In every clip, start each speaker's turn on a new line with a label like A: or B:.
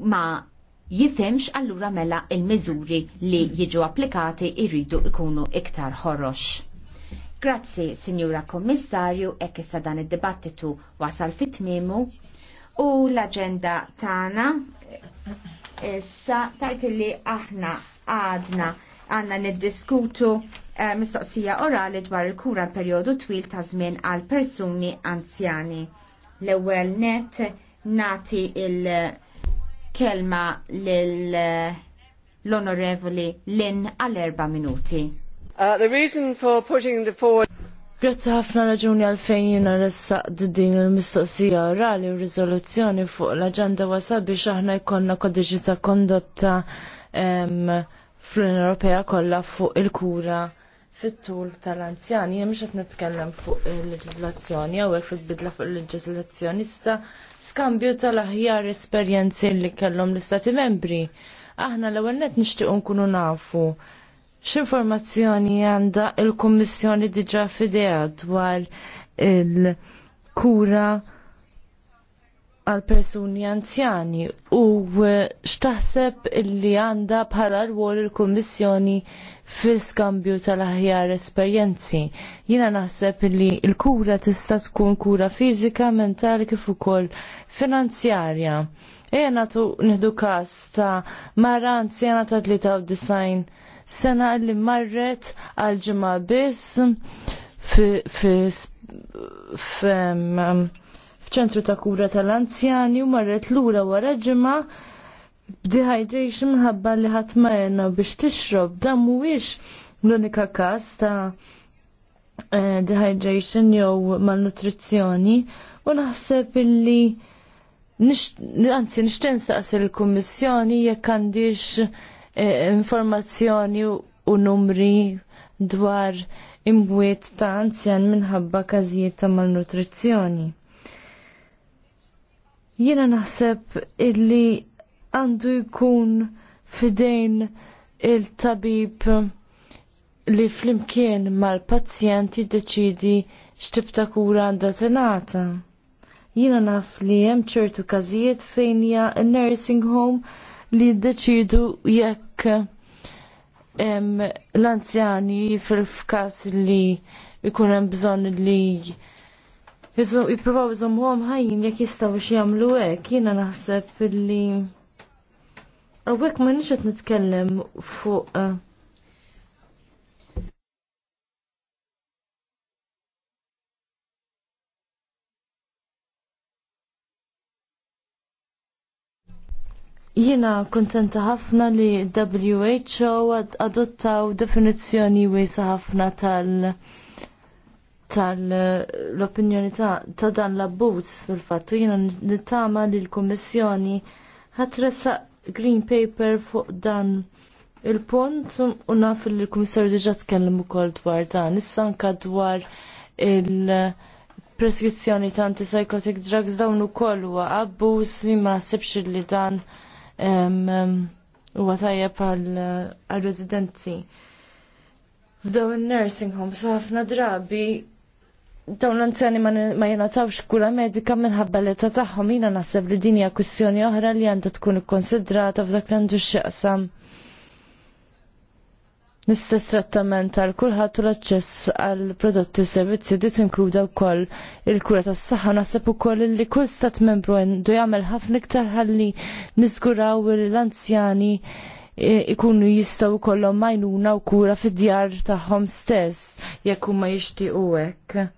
A: ma jifemx allura mela il-miżuri li jiġu applikati irridu ikunu iktar ħorrox. Grazzi, Sinjura Kommissarju, ek issa dan id-dibattitu wasal fit-tmimu u l-agenda tana issa tajt li aħna għadna għanna niddiskutu eh, mistoqsija orali dwar il-kura periodu twil ta' żmien għal persuni anzjani. L-ewwel net nati il- kelma l-onorevoli Lynn għal erba
B: minuti. Uh, the reason for putting the forward Grazzi ħafna raġuni għalfejn jina ressaq din il-mistoqsija orali u rizoluzzjoni fuq l-agenda wasab biex aħna jkollna kodiġi ta' kondotta fl-Unjoni Ewropea kollha fuq il-kura fit-tul tal-anzjani, jem qed netkellem fuq il-leġizlazzjoni, għawek fit-bidla fuq il-leġizlazzjoni, sta skambju tal-aħjar esperienzi li kellhom l-istati membri. Aħna l ewwel net nixtiequ nkunu nafu. X'informazzjoni għandha il-Kummissjoni diġà fidea dwar il-kura il kura għal persuni anzjani u eh, xtaħseb li għanda bħala rwol il-Kommissjoni fil-skambju tal-aħjar esperjenzi. Jina naħseb li l-kura tista' tkun kura fiżika, mentali kif ukoll finanzjarja. Ejja nagħtu nieħdu każ ta' mara anzjana ta' 93 sena li marret għal ġimgħa biss fi f'ċentru ta' kura tal-anzjani u marret lura wara ġimgħa b'dehydration minħabba li ħadd marna biex tixrob dan mhuwiex l-unika każ ta' eh, dehydration jew malnutrizzjoni u naħseb illi Anzi, nixten saqs il-Kummissjoni jekk għandix eh, informazzjoni u numri dwar imwiet ta' anzjan minħabba każijiet ta' malnutrizzjoni. Jiena naħseb illi għandu jkun fidejn il-tabib li flimkien mal-pazzjent jiddeċidi x'tib ta' kura għandha tingħata. Jiena naf li hemm ċertu każijiet fejn hija nursing home li jiddeċidu jekk l-anzjani fil-fkas li jkun hemm bżonn li jippruvaw iżommuhom jek jistaw xie għamlu għek, jina naħseb illi Għawek ma nix nitkellem fuq eh, Jina kontenta ħafna li WHO adottaw definizjoni wisa ħafna tal- tal-opinjoni ta' ta' dan l-abbuz fil-fattu jiena nittama li l-Kommissjoni ħatressa green paper fuq dan il-punt u naf li l-Kummissarju diġa tkellem ukoll dwar dan. Issa anka dwar il-preskrizzjoni ta' antipsychotic drugs dawn ukoll huwa abbuż li ma naħsibx li dan huwa tajjeb għal-residenti. F'daw il-nursing homes ħafna drabi dawn l-anzjani ma jenatawx kura medika minħabba l-età tagħhom jina naħseb li din hija kwistjoni oħra li għandha tkun ikkonsidrata f'dak li għandu x'jaqsam. L-istess trattament għal kulħadd u l-aċċess għal prodotti u servizzi di tinkluda wkoll il-kura tas-saħħa naħseb ukoll li kull stat membru għandu jagħmel ħafna iktar ħalli niżguraw l-anzjani e, ikunu jistaw kollom majnuna u kura fid-djar taħħom stess jekk huma jixtiequ hekk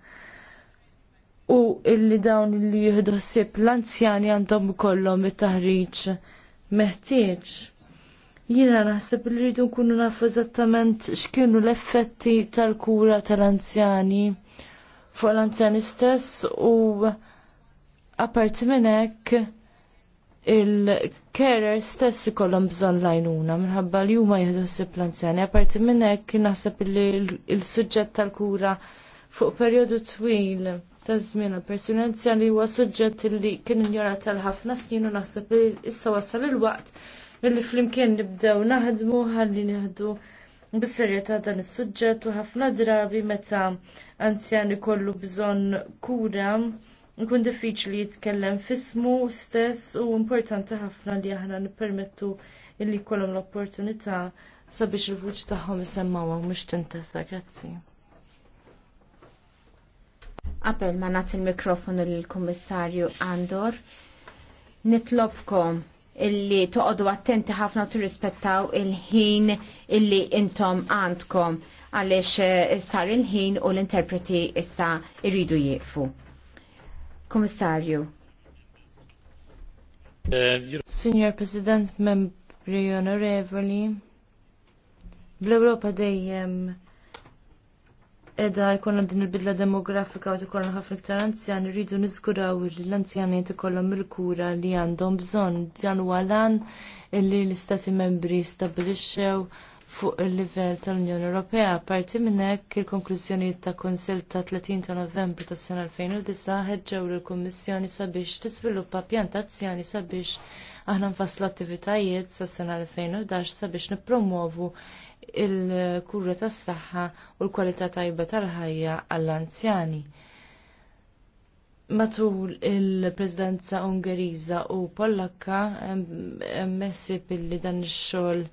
B: u illi dawn li jieħdu ħsieb l-anzjani għandhom ikollhom it-taħriġ meħtieġ. Jiena naħseb li rridu nkunu nafu eżattament x'kienu l-effetti tal-kura tal-anzjani fuq l-anzjani stess u apparti minn hekk il-carer stess ikollhom bżonn lajnuna minħabba li huma jieħdu ħsieb l-anzjani. Apparti minn hekk naħseb li l-suġġett tal-kura fuq perjodu twil ta' żmien għall-persuna anzjani huwa suġġett li kien injorat tal ħafna snin u naħseb li issa wasal il-waqt illi flimkien nibdew naħdmu ħalli nieħdu b'serjetà dan is-suġġett u ħafna drabi meta anzjan ikollu bżonn kura nkun diffiċli jitkellem fismu stess u importanti ħafna li aħna nippermettu illi jkollhom l-opportunità sabiex il-vuċi tagħhom isemmawha mhux tintesa. Grazzi. Qabel ma
A: nagħti l mikrofonu lill-Kummissarju Andor, nitlobkom illi toqodu attenti ħafna u tirrispettaw il-ħin illi intom għandkom għaliex eh, sar il-ħin u l-interpreti issa irridu jieqfu.
B: Kummissarju. Signor President, membri onorevoli, bl-Europa dejjem edha jkollna din il-bidla demografika u tkollna ħafna iktar anzjani rridu niżguraw li l-anzjani tkollhom il-kura li għandhom bżonn dan huwa lan li l-istati membri stabbilixxew fuq il-livell tal-Unjoni Ewropea. Parti minn hekk il-konklużjonijiet ta' Kunsill ta' 30 ta' Novembru tas sena 2009 ħeġġew lill-Kummissjoni sabiex tiżviluppa pjan ta' azzjoni sabiex aħna nfasslu attivitajiet sas sena 2011 sabiex nippromovu il-kurra tas-saħħa u l-kwalità tajba tal-ħajja għall-anzjani. Matul il-Presidenza Ungeriża u Pollakka messib billi dan ix-xogħol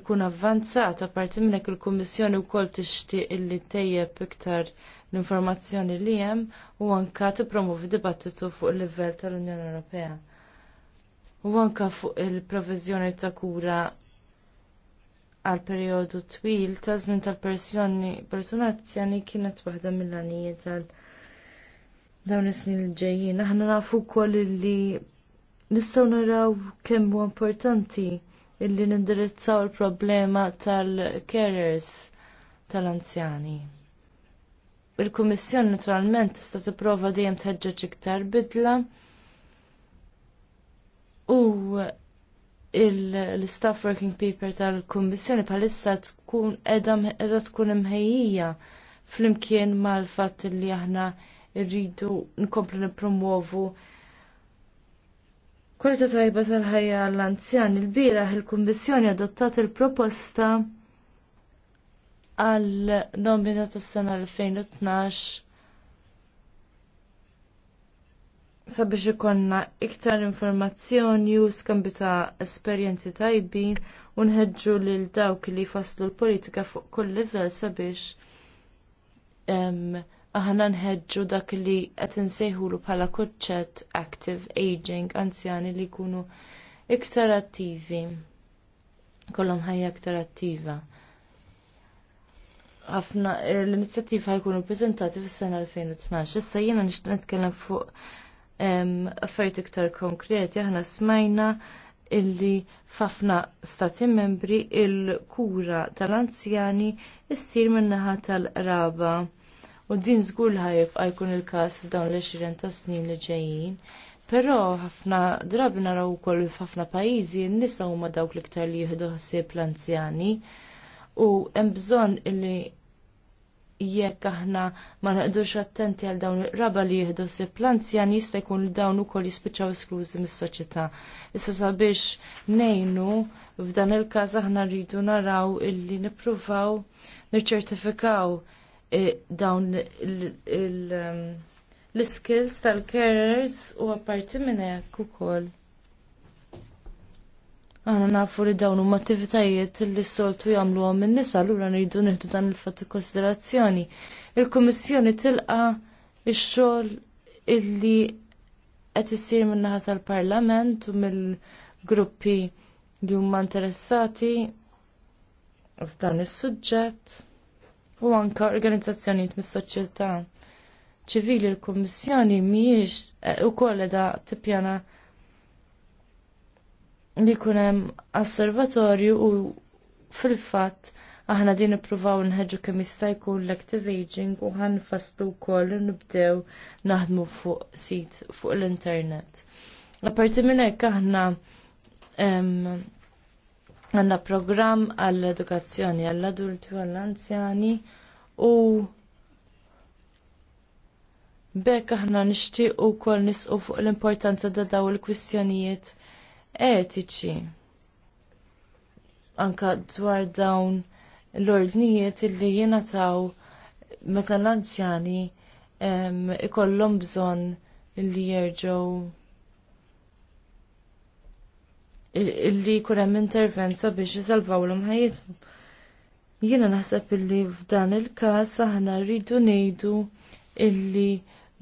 B: ikun avvanzat apparti minn hekk il-Kummissjoni wkoll tixtieq illi tejjeb iktar l-informazzjoni li hemm u anke tippromovi dibattitu fuq il-livell tal-Unjoni Ewropea. U anke fuq il-proviżjoni ta' kura għal perjodu twil ta' żmien tal-persjoni persuna azzjani kienet waħda mill-għanijiet tal dawn is-snin l-ġejjin. Aħna nafu wkoll li nistgħu naraw kemm huwa importanti illi nindirizzaw il-problema tal-carers tal-anzjani. Il-Kummissjoni naturalment tista' tipprova dejjem teġġeġ iktar bidla u l-staff working paper tal-Kummissjoni bħalissa tkun edha tkun imħejjija flimkien mal-fatt li aħna rridu nkomplu nippromuovu kwalità tajba tal-ħajja l-anzjan. Il-bieraħ il-Kummissjoni adottat il-proposta għal nomina tas-sena 2012 sabiex ikonna iktar informazzjoni u skambju ta' esperjenzi tajbin u nħeġġu lil dawk li jfasslu l-politika fuq kull livell sabiex aħna nħeġġu dak li qed insejħulu bħala kuċċett active aging anzjani li jkunu iktar attivi. Kollhom ħajja iktar attiva. Ħafna l-inizjattiva ħajkunu ppreżentati fis-sena 2012. Issa jiena nixtieq nitkellem fuq affarijiet iktar konkreti aħna smajna illi f'ħafna stati membri il-kura tal-anzjani issir min-naħa tal-qraba. U din żgur ħajib jkun il-każ f'dawn l-20 ta' snin li ġejjin. Però ħafna drabi naraw ukoll f'ħafna pajjiżi n-nisa huma dawk l-iktar li jieħdu ħsieb l-anzjani u hemm bżonn illi jekk aħna ma naqdux attenti għal dawn il raba li jieħdu sib l-anzjan jista' jkun li dawn ukoll jispiċċaw esklużi mis-soċjetà. Issa sabiex nejnu f'dan il-każ aħna rridu naraw illi nippruvaw niċċertifikaw e, dawn um, l-skills tal-carers u apparti minn hekk ukoll. Aħna nafu li dawn huma attivitajiet li s-soltu jagħmluhom in-nisa allura nridu nieħdu dan il-fatt konsiderazzjoni. Il-Kummissjoni tilqa x-xogħol illi qed isir min-naħa tal-Parlament u mill-gruppi li huma interessati f'dan is-suġġett u anke organizzazzjonijiet mis-soċjetà ċivili l-Kummissjoni mhijiex eh, ukoll qiegħda tippjana li jkun hemm osservatorju u fil-fatt aħna din ippruvaw nħeġu kemm jista' jkun l-active aging u ħanfasslu wkoll u nibdew naħdmu fuq sit fuq l-internet. Apparti minn hekk aħna għandna programm għall-edukazzjoni għall-adulti u għall-anzjani u bekk aħna nixtieq ukoll nisqu fuq l-importanza ta' daw il-kwistjonijiet etiċi. Anka dwar dawn l-ordnijiet illi taw meta l-anzjani ikollhom bżonn illi jerġgħu illi jkun hemm intervenza biex jisalvawlhom ħajjithom. Jiena naħseb illi f'dan il-każ aħna rridu ngħidu illi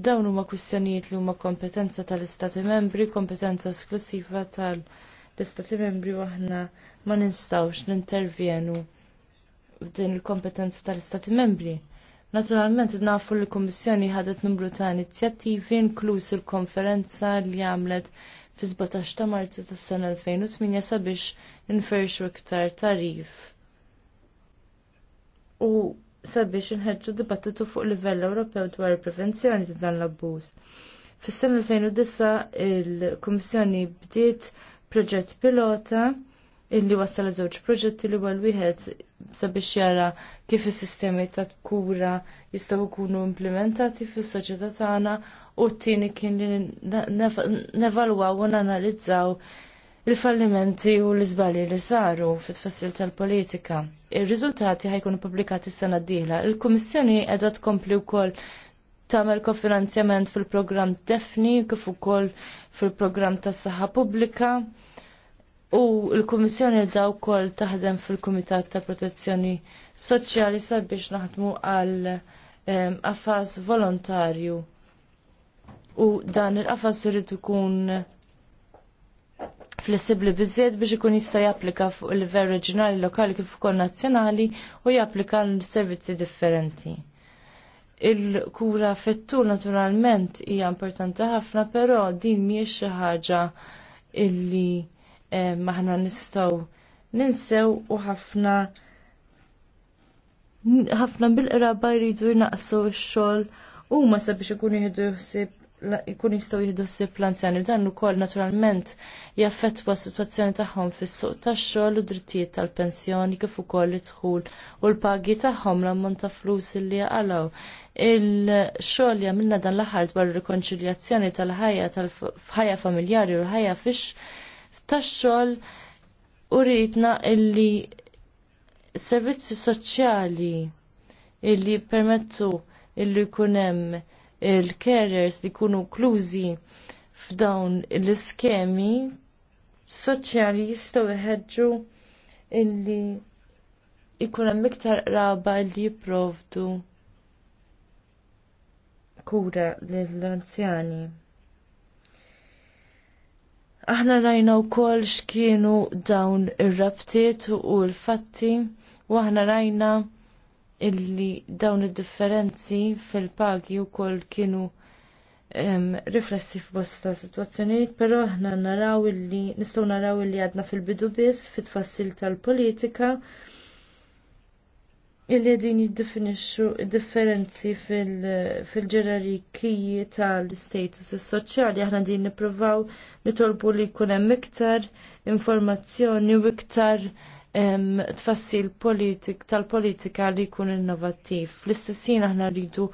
B: Dawn huma kwistjonijiet li huma kompetenza tal-Istati Membri, kompetenza esklusiva tal-Istati Membri u aħna ma nistgħux nintervjenu f'din il-kompetenza tal-Istati Membri. Naturalment nafu li l-Kummissjoni ħadet numru ta' inizjattivi inkluż il-konferenza li għamlet fi 17 ta' Marzu tas-sena 2008 sabiex nferxu iktar tarif. U sabiex inħeġġu dibattitu fuq livell Ewropew dwar il-prevenzjoni ta' dan l-abbuż. Fis-sena 2009 il-Kummissjoni bdiet proġett pilota illi wassal żewġ proġetti li għal wieħed sabiex jara kif is-sistemi ta' kura jistgħu jkunu implementati fis-soċjetà tagħna u t-tieni kien li nevalwaw u nanalizzaw il-fallimenti u l-izbali li saru fit-tfassil tal-politika. Ir-riżultati ħajkunu pubblikati s-sena d-dieħla. Il-Kummissjoni qiegħda tkompli wkoll tagħmel kofinanzjament fil-programm Defni kif ukoll fil-programm tas-saħħa pubblika. U l-Kummissjoni edha wkoll taħdem fil-Kumitat ta' Protezzjoni Soċjali sabiex naħdmu għal qafas volontarju. U dan il-qafas irid ikun flessibli bizzed biex ikun jista' japplika fuq il-livell reġjonali, lokali kif ukoll nazzjonali u japplika l-servizzi differenti. Il-kura fit-tul naturalment hija importanti ħafna, però din mhijiex xi ħaġa illi aħna eh, maħna nistgħu ninsew u ħafna ħafna bil-qraba jridu jnaqsu x-xogħol huma sabiex ikunu jieħdu jħsib jkun jistgħu jieħdu ssib l-anzjani dan ukoll naturalment jaffettwa s-sitwazzjoni tagħhom fis-suq tax-xogħol u drittijiet tal-pensjoni kif ukoll id-dħul u l-pagi tagħhom l-ammont ta' flus li jaqalgħu. Il-xogħol jagħmilna dan l-aħħar dwar ir-rikonċiljazzjoni tal-ħajja tal-ħajja familjari u l-ħajja fix tax-xogħol u rritna illi servizzi soċjali illi permettu illi jkun hemm il-carers li jkunu klużi f'dawn l-iskemi soċjali jistgħu jħeġġu illi jkun hemm iktar qraba li jipprovdu kura lill-anzjani. Aħna rajna wkoll x'kienu dawn ir-rabtiet u l-fatti u aħna rajna illi dawn id-differenzi fil-pagi wkoll kienu riflessi f'bosta sitwazzjonijiet, però aħna naraw illi nistgħu naraw illi għadna fil-bidu biss fit-tfassil tal-politika illi għedin jiddefinixxu differenzi fil-ġerarkiji tal-status soċjali aħna din nippruvaw nitolbu li jkun hemm iktar informazzjoni u iktar tfassil tal-politika li jkun innovattiv. L-istessin aħna rridu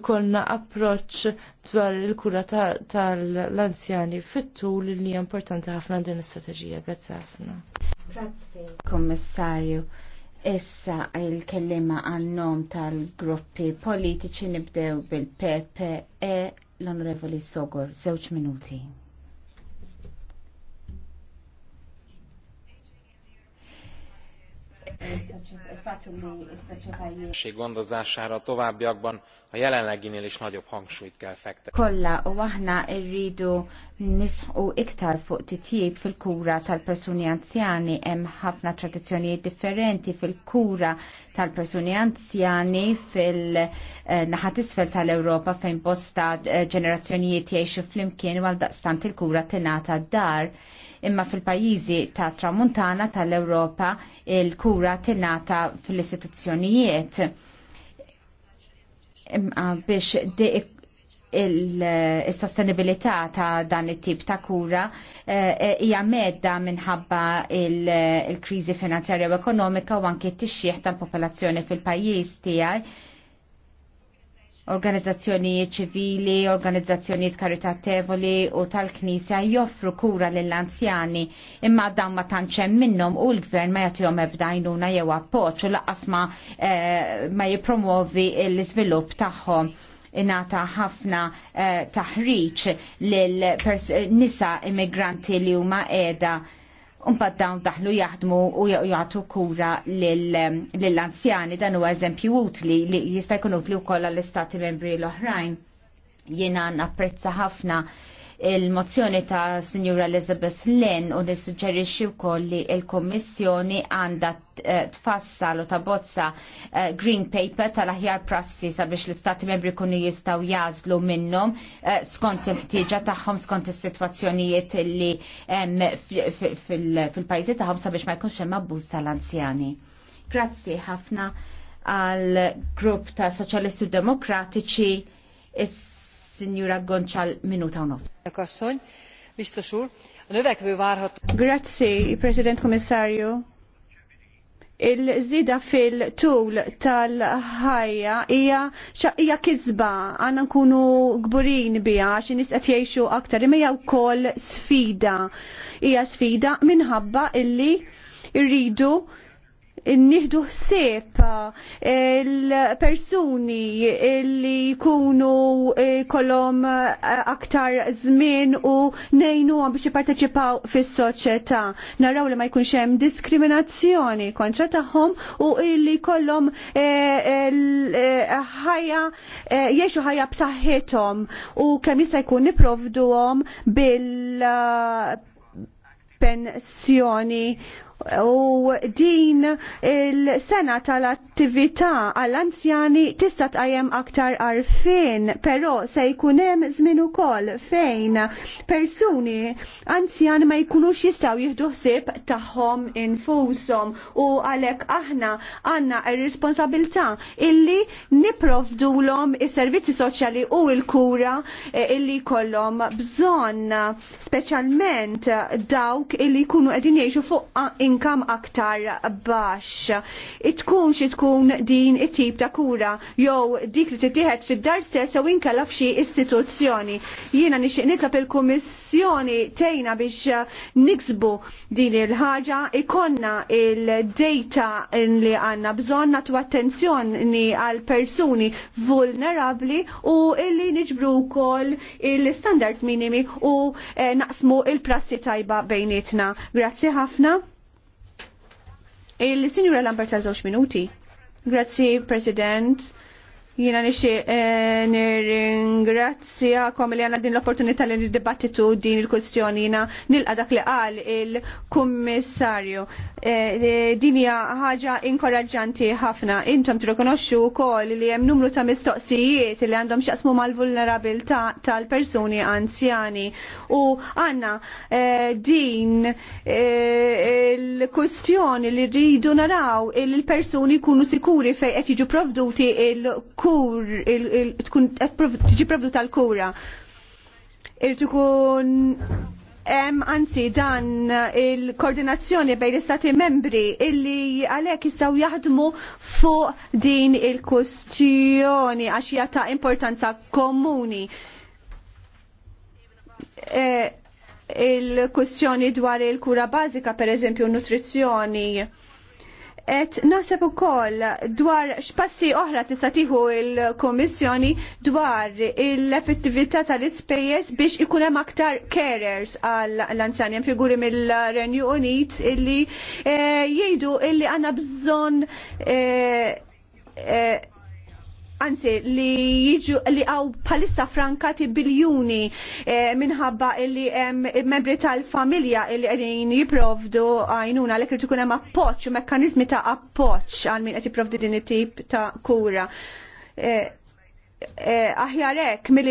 B: jkollna approċ dwar il-kura tal-anzjani fit-tul li hija importanti ħafna din l-istrateġija. Grazzi ħafna. Grazzi, Kommissarju.
A: Issa il-kellima għal-nom tal-gruppi politiċi nibdew bil-PPE l-Onorevoli Sogor, żewġ minuti.
B: gondozására továbbiakban a jelenleginél is nagyobb hangsúlyt kell fektetni.
A: Kolla u aħna irridu nisħu iktar fuq titjib fil-kura tal-persuni anzjani hemm ħafna tradizzjonijiet differenti fil-kura tal-persuni anzjani fil-naħat isfel tal-Ewropa fejn bosta eh, ġenerazzjonijiet jgħixu flimkien għal daqstant il-kura tingħata dar Imma fil-pajjiżi ta' tramuntana tal-Ewropa il-kura allura tingħata fl-istituzzjonijiet biex il-sostenibilità ta' dan it-tip ta' kura eh, eh, hija medda minħabba il-kriżi finanzjarja u ekonomika u anke t tixjieħ tal-popolazzjoni fil-pajjiż tiegħi organizzazzjonijiet ċivili, organizzazzjonijiet karitatevoli u tal-Knisja joffru kura lill-anzjani imma dawn ma tantxem minnhom u l-gvern ma jagħtihom ebda jnuna jew appoġġ u laqas ma, eh, ma jippromovi l-iżvilupp tagħhom inata ħafna eh, taħriġ lil nisa immigranti li huma qiegħda Unpad dawn daħlu jaħdmu u jgħatu kura lill-anzjani dan huwa eżempju utli li jista' jkun utli wkoll għall-istati membri l-oħrajn. Jiena napprezza ħafna il-mozzjoni ta' Signora Elizabeth Lynn u nissuġġerixxi wkoll li l-Kommissjoni għandha eh, tfassal u bozza eh, Green Paper tal-aħjar prassi sabiex l-Istati membri kunu jistgħu jażlu minnhom eh, skont il-ħtieġa tagħhom skont is-sitwazzjonijiet li fil-pajjiżi tagħhom sabiex ma jkunx hemm abbuż tal-anzjani. Grazzi ħafna għal grupp ta' Soċjalisti Demokratiċi is Signora Gonċal minuta u nof.
C: Grazie, President Commissario. Il-żida fil-tul tal-ħajja hija hija kizba għandna nkunu gburin biha xi nisqet qed jgħixu aktar imma hija wkoll sfida. Hija sfida minħabba illi rridu nieħdu ħsieb eh, il-persuni li jkunu eh, kolom eh, aktar żmien u nejnu biex jipparteċipaw fis-soċjetà. Naraw li ma jkunx hemm diskriminazzjoni kontra tagħhom u li kollhom ħajja jgħixu ħajja b'saħħithom u kemm jista' jkun niprovduhom bil pensjoni u din il-sena tal-attività għall-anzjani tista' tqajjem aktar arfin, però se jkun hemm żmien ukoll fejn persuni anzjan ma jkunux jistgħu jieħdu ħsieb tagħhom infushom u għalhekk aħna għandna r-responsabilità illi niprovdulhom is-servizzi soċjali u l-kura eh, illi kollhom bżonn speċjalment dawk illi jkunu qegħdin jgħixu fuq inkam aktar baxx. Itkun xi tkun din it-tip ta' kura jew dik li titieħed fid-dar stess jew inkella f'xi istituzzjoni. Jiena nixtieq nitlob il-Kummissjoni tejna biex uh, niksbu din il-ħaġa ikonna il-data li għandna bżonn nagħtu attenzjoni għal persuni vulnerabli u illi niġbru wkoll il-standards minimi u eh, naqsmu il-prassi tajba bejnietna. Grazzi ħafna. Il-Sinjura Lambert ta' żewġ minuti. Grazzi, President. Jina nixi eh, nir-ingrazzja kom li għanna din l-opportunità li nir-debattitu din il-kustjoni jina nilqa dak li qal il-kummissarju. Eh, eh, din hija ħaġa inkoraġġanti ħafna. Intom tirrikonoxxu wkoll li hemm numru ta' mistoqsijiet li għandhom x'jaqsmu mal-vulnerabilità tal-persuni anzjani. U għanna din il-kustjoni li rridu naraw il-persuni kunu sikuri fej qed provduti il-kustjoni il-kur, tkun tiġi provdu tal kura Irid ikun hemm anzi dan il-koordinazzjoni bejn l-istati membri illi għalhekk jistgħu jaħdmu fuq din il-kustjoni għax hija ta' importanza komuni. E, il-kustjoni dwar il-kura bażika, per eżempju, nutrizzjoni Et naħseb ukoll dwar x'passi oħra tista' tieħu l-Kummissjoni dwar l-effettività tal-ispejjeż biex ikun hemm aktar carers għal l-anzjani hemm figuri mill-Renju Unit illi eh, jgħidu illi għandna bżonn eh, eh, anzi li jiġu li għaw palissa frankati biljuni eh, minħabba li membri tal-familja li għedin jiprovdu għajnuna li ikun hemm appoċ, mekkanizmi ta' appoċ għal min qed jiprovdu din it-tip ta' kura. Eh, Eh, aħjarek mill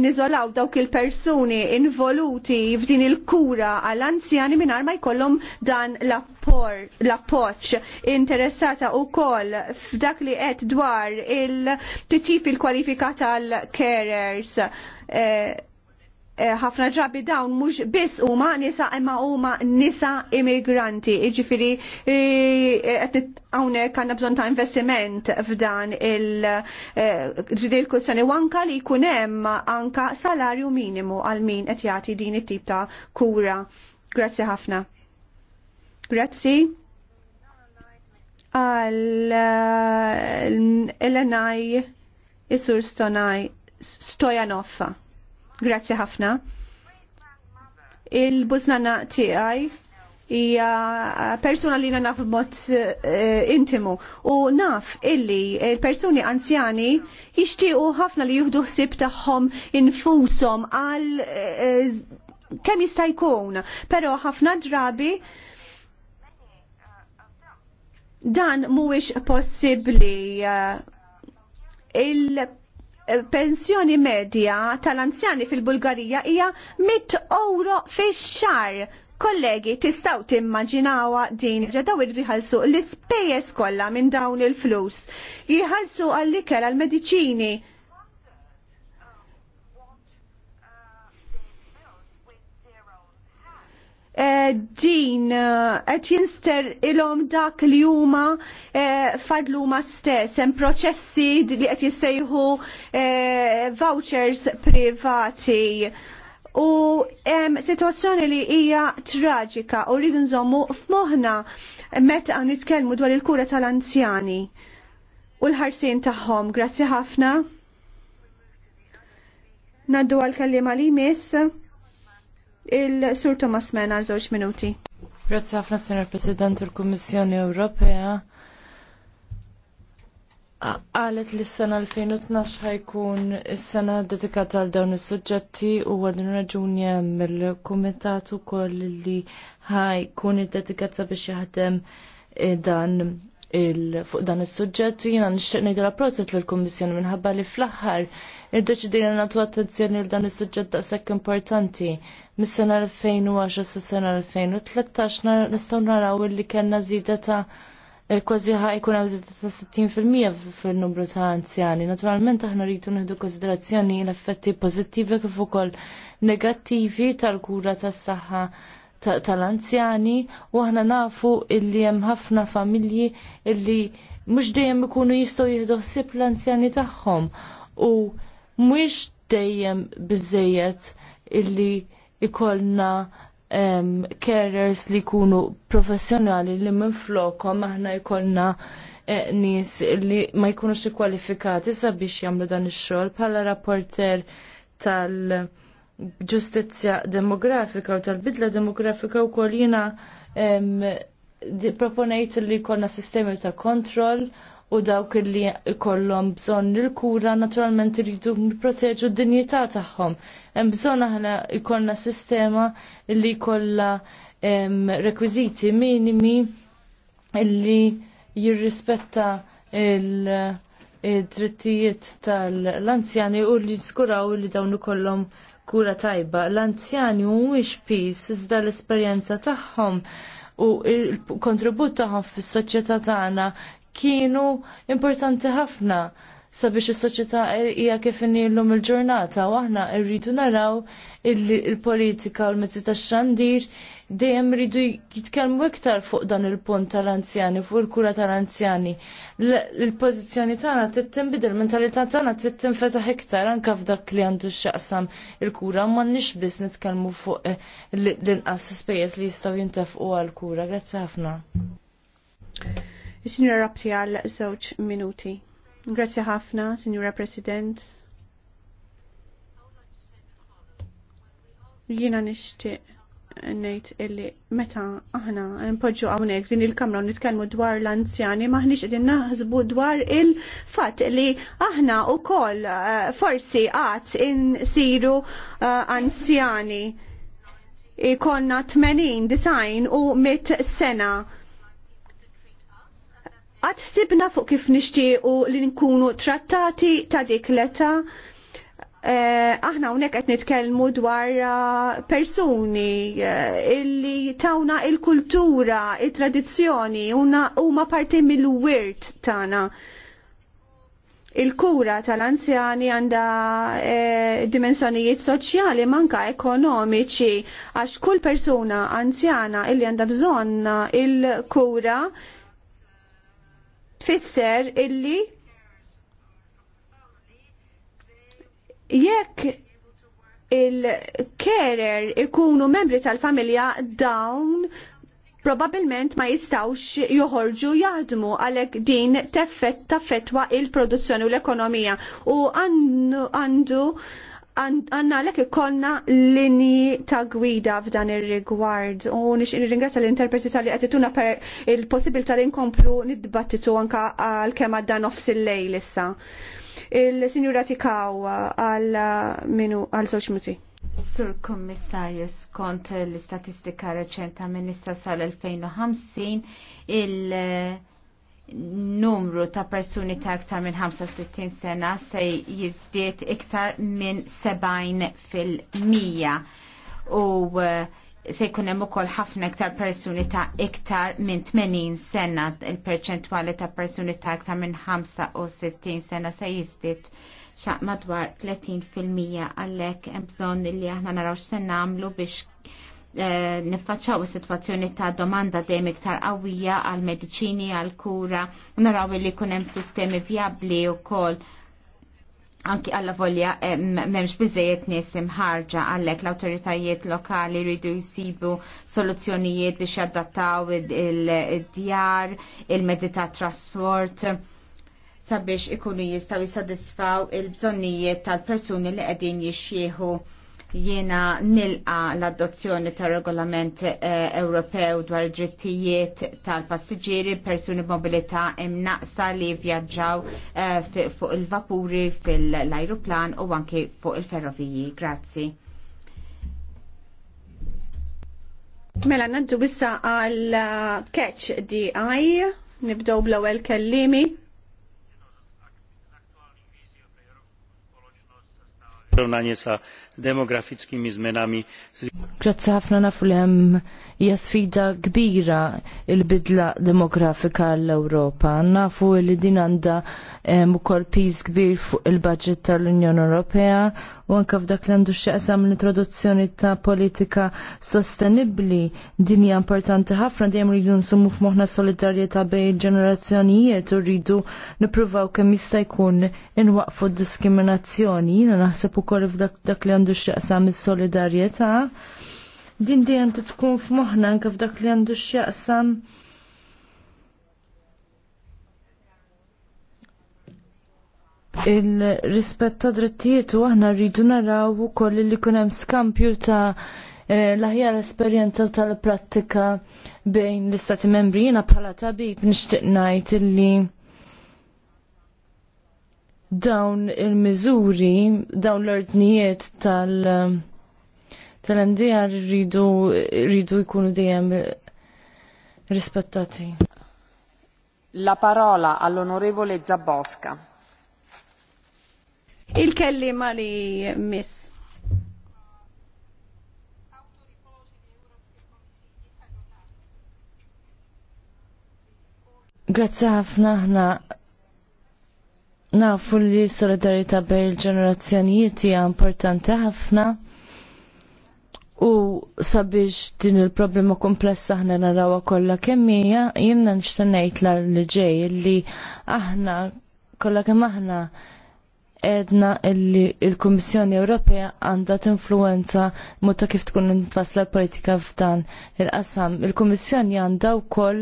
C: nizolaw dawk il-persuni involuti f'din il-kura għall-anzjani minn ma jkollhom dan l-appoċ interessata u koll f'dak li qed dwar il-titjib il-kwalifika tal-carers. Eh, Eh, ħafna ġabi dawn mhux biss huma nisa imma huma nisa immigranti. Jiġifieri hawnhekk għandna bżonn ta' investiment f'dan il eh, ġidil kuzzjoni u anka li jkun hemm anka salarju minimu għal min qed jagħti din it-tip ta' kura. Grazzi ħafna. Grazzi għal l-enaj isur stonaj stojanoffa. Grazzi ħafna. Il-buznana tiegħi hija persuna li naf uh, intimu u naf illi il-persuni anzjani jixtiequ ħafna li juhdu ħsieb tagħhom infushom għal eh, kemm jista' jkun, però ħafna drabi dan mhuwiex possibbli il pensjoni medja tal-anzjani fil-Bulgarija hija 100 euro fix-xar. Kollegi, tistaw timmaġinawa din ġadaw irriħalsu l-ispejjeż kollha minn dawn il-flus. Jħalsu għall-ikel għall-mediċini Eh, din eh, qed jinster ilhom dak li huma eh, fadluma stess hemm proċessi li qed jissejħu vouchers privati u hemm situazzjoni li hija traġika u rridu nżommu f'moħħna meta nitkellmu dwar il-kura tal-anzjani u l-ħarsin tagħhom. Grazzi ħafna. Naddu għal kelliema li miss. Il-Sur
B: Thomas Mena, żewġ minuti. Grazie ħafna, Sr. President, il-Kummissjoni Ewropea għalet li s-sena 2012 ħajkun s-sena dedikata għal dawn is-suġġetti u għadin raġuni hemm il-kumitat ukoll li ħajkun id-dedikata biex jaħdem eh, dan il fuq dan is-suġġett jiena nixtieq ngħidilha proset lill-Kummissjoni minħabba li fl-aħħar id iddeċidina nagħtu attenzjoni l dan is-suġġett daqshekk importanti. Mis-sena 2010 sa sena 2013 nistgħu naraw li kellna żieda ta' eh, kważi jkun hemm żieda ta' 60% fil-numru ta' anzjani. Naturalment aħna rridu nieħdu konsiderazzjoni l-effetti pożittivi kif ukoll negattivi tal-kura tas-saħħa tal-anzjani u aħna nafu illi hemm ħafna familji illi mhux dejjem ikunu jistgħu jieħdu ħsieb l-anzjani tagħhom u mwix dejjem biżejjed illi ikollna um, carers li jkunu professjonali li minn flokom aħna jkollna eh, nies li ma jkunux kwalifikati sabiex jagħmlu dan ix-xogħol bħala rapporter tal- ġustizzja demografika u tal-bidla demografika u kolina um, proponejt li kolna sistemi ta' kontroll u dawk li ikollhom bżonn il-kura naturalment iridu nipproteġu d-dinjità tagħhom. Hemm bżonn aħna jkollna sistema li jkollha rekwiżiti minimi li jirrispetta il-drittijiet tal-anzjani u li skuraw li dawn ikollhom kura tajba. L-anzjani mhuwiex pis iżda l-esperjenza tagħhom u il-kontribut tagħhom fis-soċjetà tagħna kienu importanti ħafna sabiex is-soċjetà hija kif inilhom il-ġurnata u aħna rridu naraw il-politika u l-mezzi tax-xandir dejjem rridu jitkellmu iktar fuq dan il-punt tal-anzjani, fuq il-kura tal-anzjani. Il-pożizzjoni tagħna trid tinbidel, mentalità tagħna trid tinfetaħ iktar anke f'dak li għandu x'jaqsam il-kura, ma nix biss nitkellmu fuq eh, l-inqas spejjeż li jistgħu jintefqu għall-kura. Grazzi ħafna.
C: Is-Sinjura Rabti għal żewġ minuti. Grazzi ħafna, Sinjura President. Jiena nixtieq ngħid illi meta aħna npoġġu hawnhekk din il-kamra nitkellmu dwar l-anzjani maħniex qegħdin naħsbu dwar il-fatt li aħna wkoll eh, forsi qatt insiru eh, anzjani ikonna 80, design u 100 sena Għad ħsibna fuq kif nixtiequ li nkunu trattati ta' dik l-età eh, aħna unek qed nitkellmu dwar eh, persuni eh, illi tawna il-kultura, il-tradizzjoni, huma parti mill-wirt tagħna. Il-kura tal-anzjani għanda dimensjonijiet soċjali manka ekonomiċi għax kull persuna anzjana illi għanda bżonn il-kura il kura tfisser illi jekk il-carer ikunu membri tal-familja dawn probabilment ma jistawx joħorġu jaħdmu għalek din teffet taffetwa il-produzzjoni u l-ekonomija u għandu għanna għalek ikonna linji ta' gwida f'dan ir-rigward u il ringrazja l-interpreti tal-li għatituna per il-possibilità li nkomplu nid-dibattitu anka għal kem għaddan nofs il lej lissa. Il-Sinjura Tikaw għal minu għal żewġ
A: Sur Kommissarju, skont l-istatistika reċenta minn issa sal-2050 il- numru ta' persuni ta' iktar minn 65 sena se jizdiet iktar minn 70 fil 100 u eh, se jkun hemm ukoll ħafna iktar persuni ta' iktar minn 80 sena il-perċentwali ta' persuni ta' iktar minn 65 sena se jizdiet xaq madwar 30% għallek hemm bżonn li aħna naraw x'se nagħmlu biex Eh, niffaċċaw is-sitwazzjoni ta' domanda dejjem iktar qawwija għal mediċini għal kura naraw li jkun hemm sistemi vjabbli wkoll anki għalla volja eh, memx bizzejiet nies imħarġa għallek l-autoritajiet lokali rridu jisibu soluzzjonijiet biex jaddattaw il-djar, il-medita trasport sabiex ikunu jistaw jisodisfaw il-bżonnijiet tal-persuni li għedin jixxieħu Jiena nilqa l-adozzjoni ta' regolament eh, Ewropew dwar drittijiet tal-passiġġieri persuni b'mobilità imnaqsa li vjaġġaw eh, fuq il-vapuri fil-ajruplan u anke fuq il-ferroviji. Grazzi.
C: Mela naddu bissa għal eh, catch DI, nibdow bl ewel kellimi.
A: Rovnanie sa demografickými zmenami.
B: Grazzi ħafna nafu li hemm hija sfida kbira il-bidla demografika l-Ewropa. Nafu li din għandha ukoll piż kbir fuq il-budget tal-Unjoni Ewropea u anke f'dak li għandu x'jaqsam l-introduzzjoni ta' politika sostenibbli din hija importanti ħafna dejjem rridu nsumu f'moħħna solidarjetà bejn il-ġenerazzjonijiet u rridu nippruvaw kemm jista' jkun inwaqfu d-diskriminazzjoni. Jiena naħseb ukoll f'dak li għandu x'jaqsam is-solidarjetà din dejjem tkun f'moħħna anke f'dak li għandu x'jaqsam il-rispett ta' drittijiet u aħna rridu naraw ukoll li jkun hemm skampju ta' eh, l-aħjar esperjenza u tal-prattika bejn l-istati membri jiena bħala tabib nixtieq ngħid illi dawn il-miżuri dawn l-ordnijiet tal- tal-MDR rridu jkunu dejjem rispettati.
A: La parola all'onorevole Zabosca. Il-kellima
C: li miss.
B: Grazzi ħafna ħna nafu li solidarita bej il-ġenerazzjonijiet hija importanti ħafna u sabiex din il-problema komplessa ħna narawha kollha kemm hija jiena nixtennejt l ġej li aħna kollha kemm aħna edna illi il-Kummissjoni Ewropea għandha tinfluwenza mod ta' kif tkun infasla l-politika f'dan il-qasam. Il-Kummissjoni għandha wkoll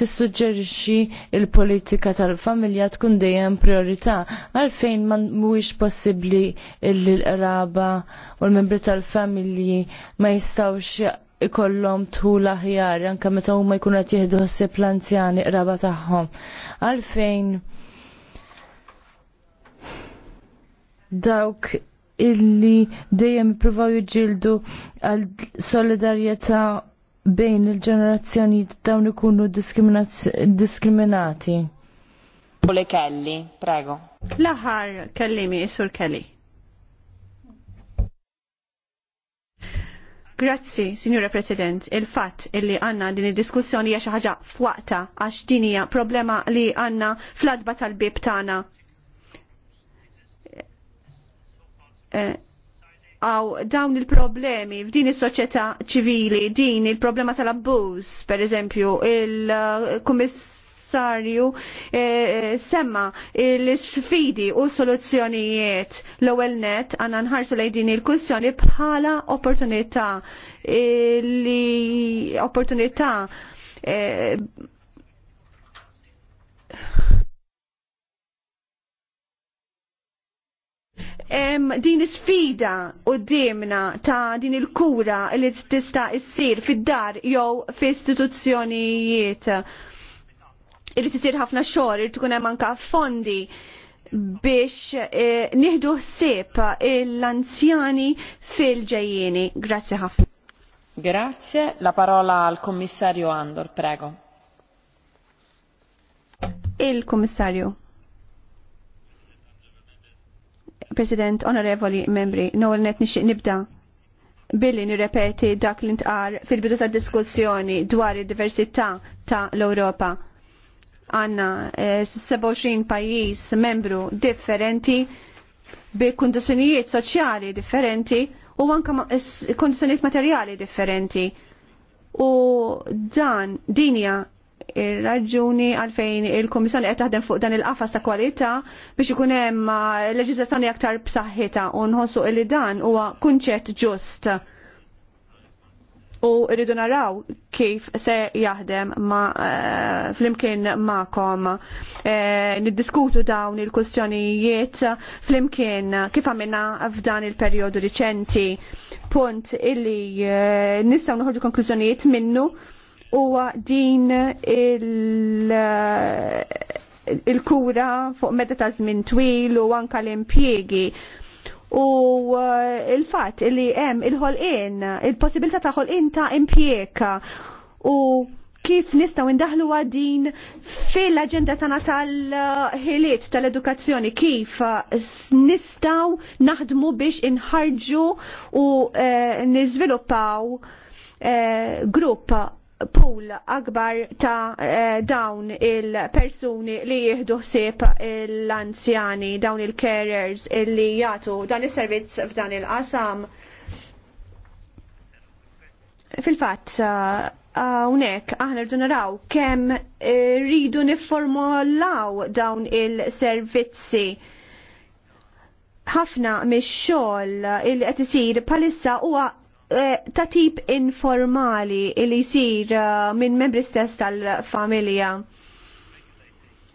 B: tissuġġerixxi l politika tal-familja tkun dejjem priorità għalfejn ma mhuwiex possibbli li l-qraba u l-membri tal-familji ma jistgħux ikollhom tħul aħjar anke meta huma jkunu qed jieħdu ħsieb l-anzjani qraba tagħhom. Għalfejn dawk illi dejjem ippruvaw jiġġieldu għal solidarjetà bejn il-ġenerazzjoni dawn ikunu diskriminati.
C: Bule Kelly, prego. L-aħħar kellimi, Sur Kelly. Grazzi, Signora President. Il-fatt illi għanna din il-diskussjoni hija xi ħaġa f'waqta għax din hija problema li għanna fl-adba tal-bib tagħna Eh, għaw dawn il-problemi f'din is-soċjetà ċivili, din il-problema tal-abbuż, per eżempju, il-kummissarju eh, semma l-sfidi u soluzzjonijiet l-ewwel net għandna nħarsu lejn din il-kwistjoni bħala opportunità li opportunità eh, din sfida u dimna ta' din il-kura li tista' issir fid-dar jew fl-istituzzjonijiet. Irrid isir ħafna xogħol, irid tkun hemm anke fondi biex eh, nieħdu ħsieb l-anzjani fil-ġejjieni. Grazzi ħafna. Grazie,
B: la parola al commissario Andor, prego.
C: Il commissario. President, onorevoli membri, nowel net nixtieq nibda billi nirrepeti dak li ntqar fil-bidu ta' diskussjoni dwar id-diversità ta' l-Ewropa. Għanna 27 eh, pajis membru differenti bi kondizjonijiet soċjali differenti u anka kondizjonijiet materjali differenti. U dan dinja ir-raġuni għalfejn il-Komissjoni qed taħdem fuq dan il-qafas ta' kwalità biex ikun hemm uh, leġiżlazzjoni aktar b'saħħitha u nħossu li dan huwa kunċett ġust. U rridu naraw kif se jaħdem ma uh, flimkien ma'kom uh, niddiskutu dawn il-kustjonijiet flimkien kif għamilna f'dan il-perjodu riċenti punt illi nistgħu noħorġu konklużjonijiet minnu huwa din il-kura fuq meta ta' żmien twil u anka l-impjiegi u eh, il-fat li hemm il-ħolqien, il-possibilità ta' ħolqien ta' impjeka u kif nistaw indaħlu għadin fil-agenda tana tal-ħiliet tal-edukazzjoni, kif nistaw naħdmu biex inħarġu u eh, niżviluppaw nizviluppaw eh, grupp pool akbar ta' eh, dawn il-persuni li jieħdu ħsieb l-anzjani, dawn il-carers li jagħtu dan is servizz f'dan il-qasam. Fil-fatt, eh, hawnhekk uh, aħna rridu naraw kemm eh, rridu nifformulaw dawn il-servizzi ħafna mix-xogħol li qed isir bħalissa huwa Eh, ta' tip informali li jisir eh, minn membri stess tal-familja.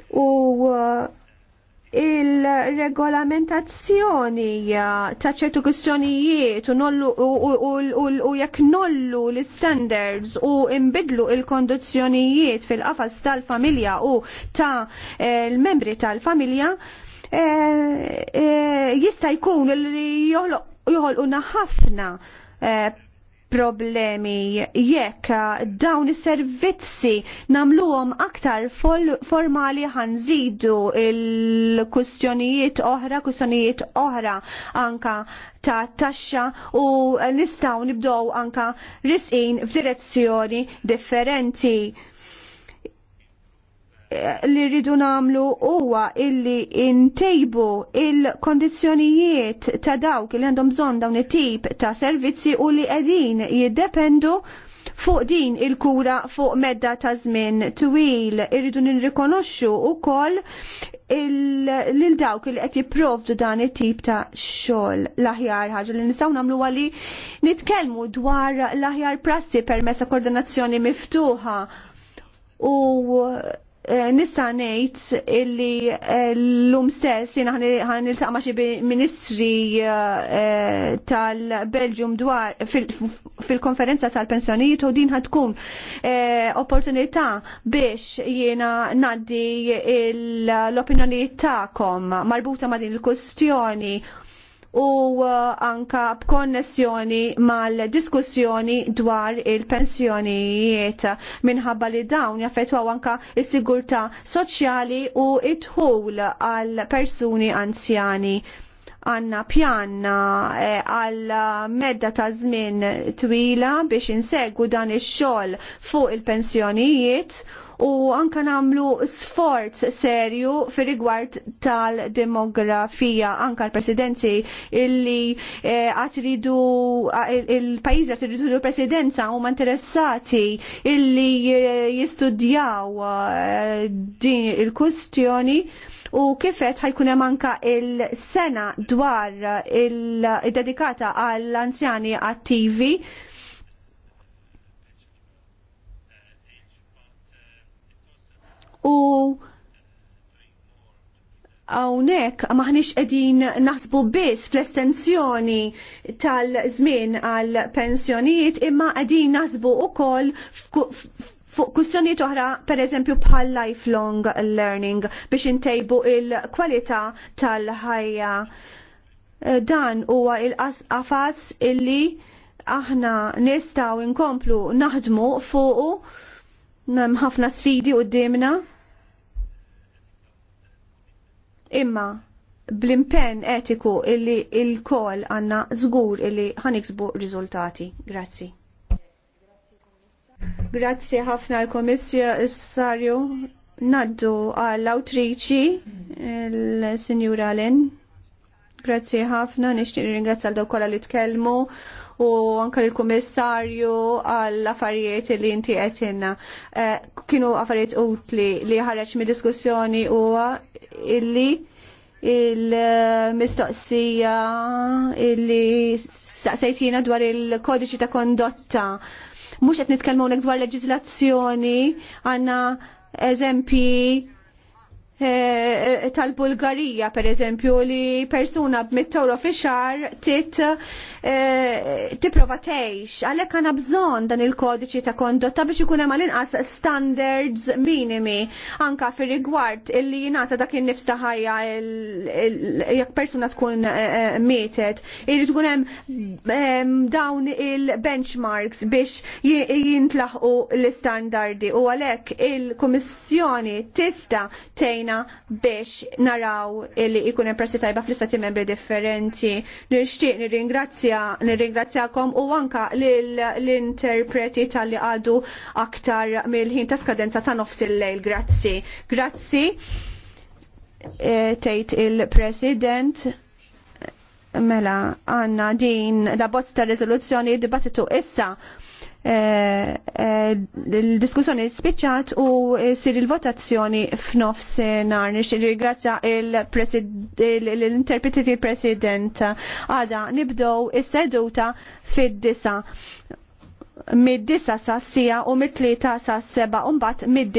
C: U eh, il-regolamentazzjoni ta' ċertu kwistjonijiet u jekk nollu l-standards u imbidlu il konduzzjonijiet fil-qafas tal-familja u ta' l-membri tal-familja jista' jkun li joħolquna ħafna Eh, problemi jekk dawn is-servizzi nagħmluhom aktar formali ħanżidu il-kustjonijiet oħra, kustjonijiet oħra anka ta' taxxa u nistgħu nibdew anka risqin f'direzzjoni differenti li rridu namlu huwa illi intejbu il-kondizjonijiet ta' dawk li għandhom bżonn dawn it-tip ta' servizzi u li qegħdin jiddependu fuq din il-kura fuq medda ta' żmien twil irridu nirrikonoxxu wkoll lil dawk li qed jipprovdu dan it-tip ta' xogħol l-aħjar ħaġa li nistgħu nagħmlu li nitkellmu dwar l-aħjar prassi permezz ta' koordinazzjoni miftuħa u Eh, nista' ngħid illi eh, llum stess jiena ħan ma' xi ministri eh, tal-Belġium dwar fil-konferenza tal-pensjonijiet u din ħatkun opportunità biex jiena ngħaddi l-opinjonijiet tagħkom marbuta ma' din il kwistjoni u uh, anka b'konnessjoni mal-diskussjoni dwar il-pensjonijiet minħabba li dawn jaffettwaw anka s sigurtà soċjali u it-ħul għal persuni anzjani għanna pjanna eh, għal medda ta' żmien twila biex insegwu dan ix-xogħol fuq il-pensjonijiet u anka namlu sforz serju fir rigward tal-demografija anka l-presidenzi illi eh, għatridu eh, il-pajizi għatridu l-presidenza u interessati illi eh, jistudjaw din il-kustjoni u kifet ħajkun manka il-sena dwar il-dedikata għall-anzjani attivi u għawnek maħnix edin naħsbu biss fl-estensjoni tal-żmien għal pensjonijiet imma edin naħsbu u koll fuq kussjoni toħra per eżempju bħal lifelong learning biex intejbu il-kwalità tal-ħajja. Eh, dan huwa il-qafas illi aħna nistaw inkomplu naħdmu fuqu Hemm ħafna sfidi d-demna. Imma bl-impenn etiku illi il-kol għanna żgur illi ħaniksbu riżultati. Grazzi. Grazzi ħafna l-Komissarju naddu għall-awtriċi l-Sinjura Lin. Grazzi ħafna, nixtieq ringrazzal għal kollha li tkellmu u anka l-Kummissarju għall-affarijiet li inti għetinna. Eh, kienu affarijiet utli li ħareġ minn diskussjoni u illi il-mistoqsija illi staqsejtina dwar il-kodiċi ta' kondotta. Mux qed nitkellmu dwar leġiżlazzjoni għandna eżempji Eh, tal-Bulgarija per eżempju li persuna b euro fi xar tit eh, tiprova tgħix. Għalhekk għandna bżonn dan il-kodiċi ta' kondotta biex ikun hemm inqas standards minimi anka fir-rigward illi jingħata dak in-nifs ta' ħajja jekk persuna tkun eh, mietet. Irid tkun hemm dawn il-benchmarks biex jintlaħqu l-istandardi u għalhekk il-Kummissjoni tista' tgħin bidejna biex naraw li ikun impressi tajba fl-istati membri differenti. Nirxtieq nirringrazzjakom u anka l-interpreti tal-li għadu aktar mill-ħin ta' skadenza ta' nofs il-lejl. Grazzi. Grazzi. Eh, Tejt il-President. Mela, għanna din la bozz ta' rezoluzzjoni dibattitu issa il-diskussjoni eh, eh, spiċċat u sir il-votazzjoni f'nofs nar. Ringrazzja l-interpretati president għada nibdow is-seduta fid-disa mid-disa sa' sija u mid-tlieta sa' seba' u mbagħad mid-disa